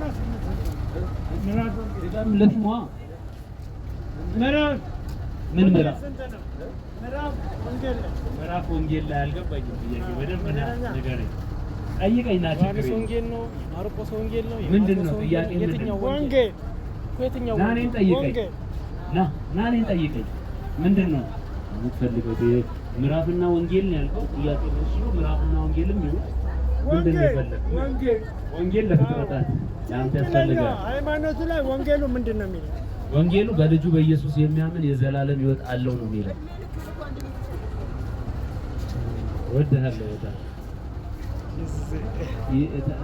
ምን ምዕራፍ ምዕራፍ ወንጌል ላይ አልገባኝም። ጥያቄ በደንብ ንገረኝ፣ ጠይቀኝ። ዮሐንስ ወንጌል ነው ወንጌል ነው ምንድን ነው ጥያቄ? ጠይቀኝ፣ ና ጠይቀኝ። ምንድን ነው የምትፈልገው? ምዕራፍና ወንጌል ነው ያልከው ጥያቄ ምዕራፍና ወንጌልም ይሁን ምንድን ነው ወንጌል ለፍጥረታት ለአንተ ያስፈልጋል። ሃይማኖቱ ላይ ወንጌሉ ምንድን ነው የሚለው? ወንጌሉ በልጁ በኢየሱስ የሚያምን የዘላለም ህይወት አለው ነው የሚለው። እወድሃለሁ በጣም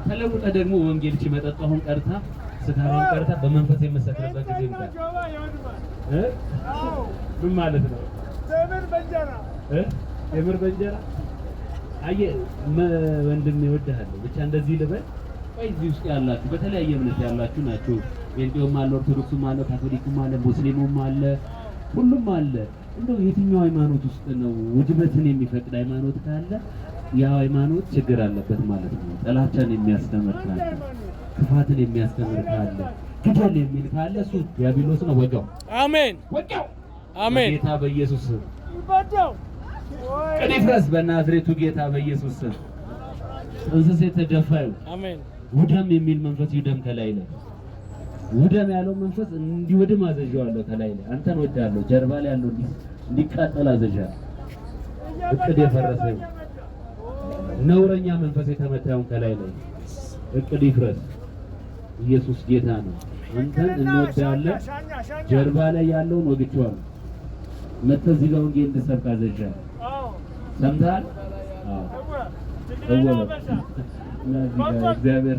ተለውጠ ደግሞ ወንጌል እቺ መጠጣሁን ቀርታ ስታራን ቀርታ በመንፈስ የመሰክርበት ጊዜ እንደ ምን ማለት ነው? ተምር በእንጀራ እ በእንጀራ አየ ወንድም ይወድሃል። ብቻ እንደዚህ ልበል። ቆይ እዚህ ውስጥ ያላችሁ በተለያየ እምነት ያላችሁ ናችሁ። ጴንጤውም አለ፣ ኦርቶዶክሱም አለ፣ ካቶሊኩም አለ፣ ሙስሊሙም አለ፣ ሁሉም አለ። እንደው የትኛው ሃይማኖት ውስጥ ነው ውድመትን የሚፈቅድ ሃይማኖት ካለ ያ ሃይማኖት ችግር አለበት ማለት ነው። ጥላቻን የሚያስተምር ካለ፣ ክፋትን የሚያስተምር ካለ፣ ግደል የሚል ካለ እሱ ዲያብሎስ ነው። ወጋው። አሜን። ወጋው። አሜን። ጌታ በኢየሱስ ቅኔ ፍረስ በናዝሬቱ ጌታ በኢየሱስ ስም። እንስስ የተደፋዩ ውደም የሚል መንፈስ ይውደም ከላይ ላይ ውደም ያለው መንፈስ እንዲወድም አዘዣዋለሁ። ከላይ ላይ አንተን ወዳለሁ፣ ጀርባ ላይ ያለው እንዲቃጠል አዘዣለሁ። እቅድ የፈረሰ ነውረኛ መንፈስ የተመታውን ከላይ ላይ እቅድ ይፍረስ። ኢየሱስ ጌታ ነው። አንተን እንወዳለን፣ ጀርባ ላይ ያለውን ወግቼዋለሁ። መጥተህ እዚህ ጋር ወንጌል እንድሰብክ አዘዣለሁ። ሰምተሃል? እግዚአብሔር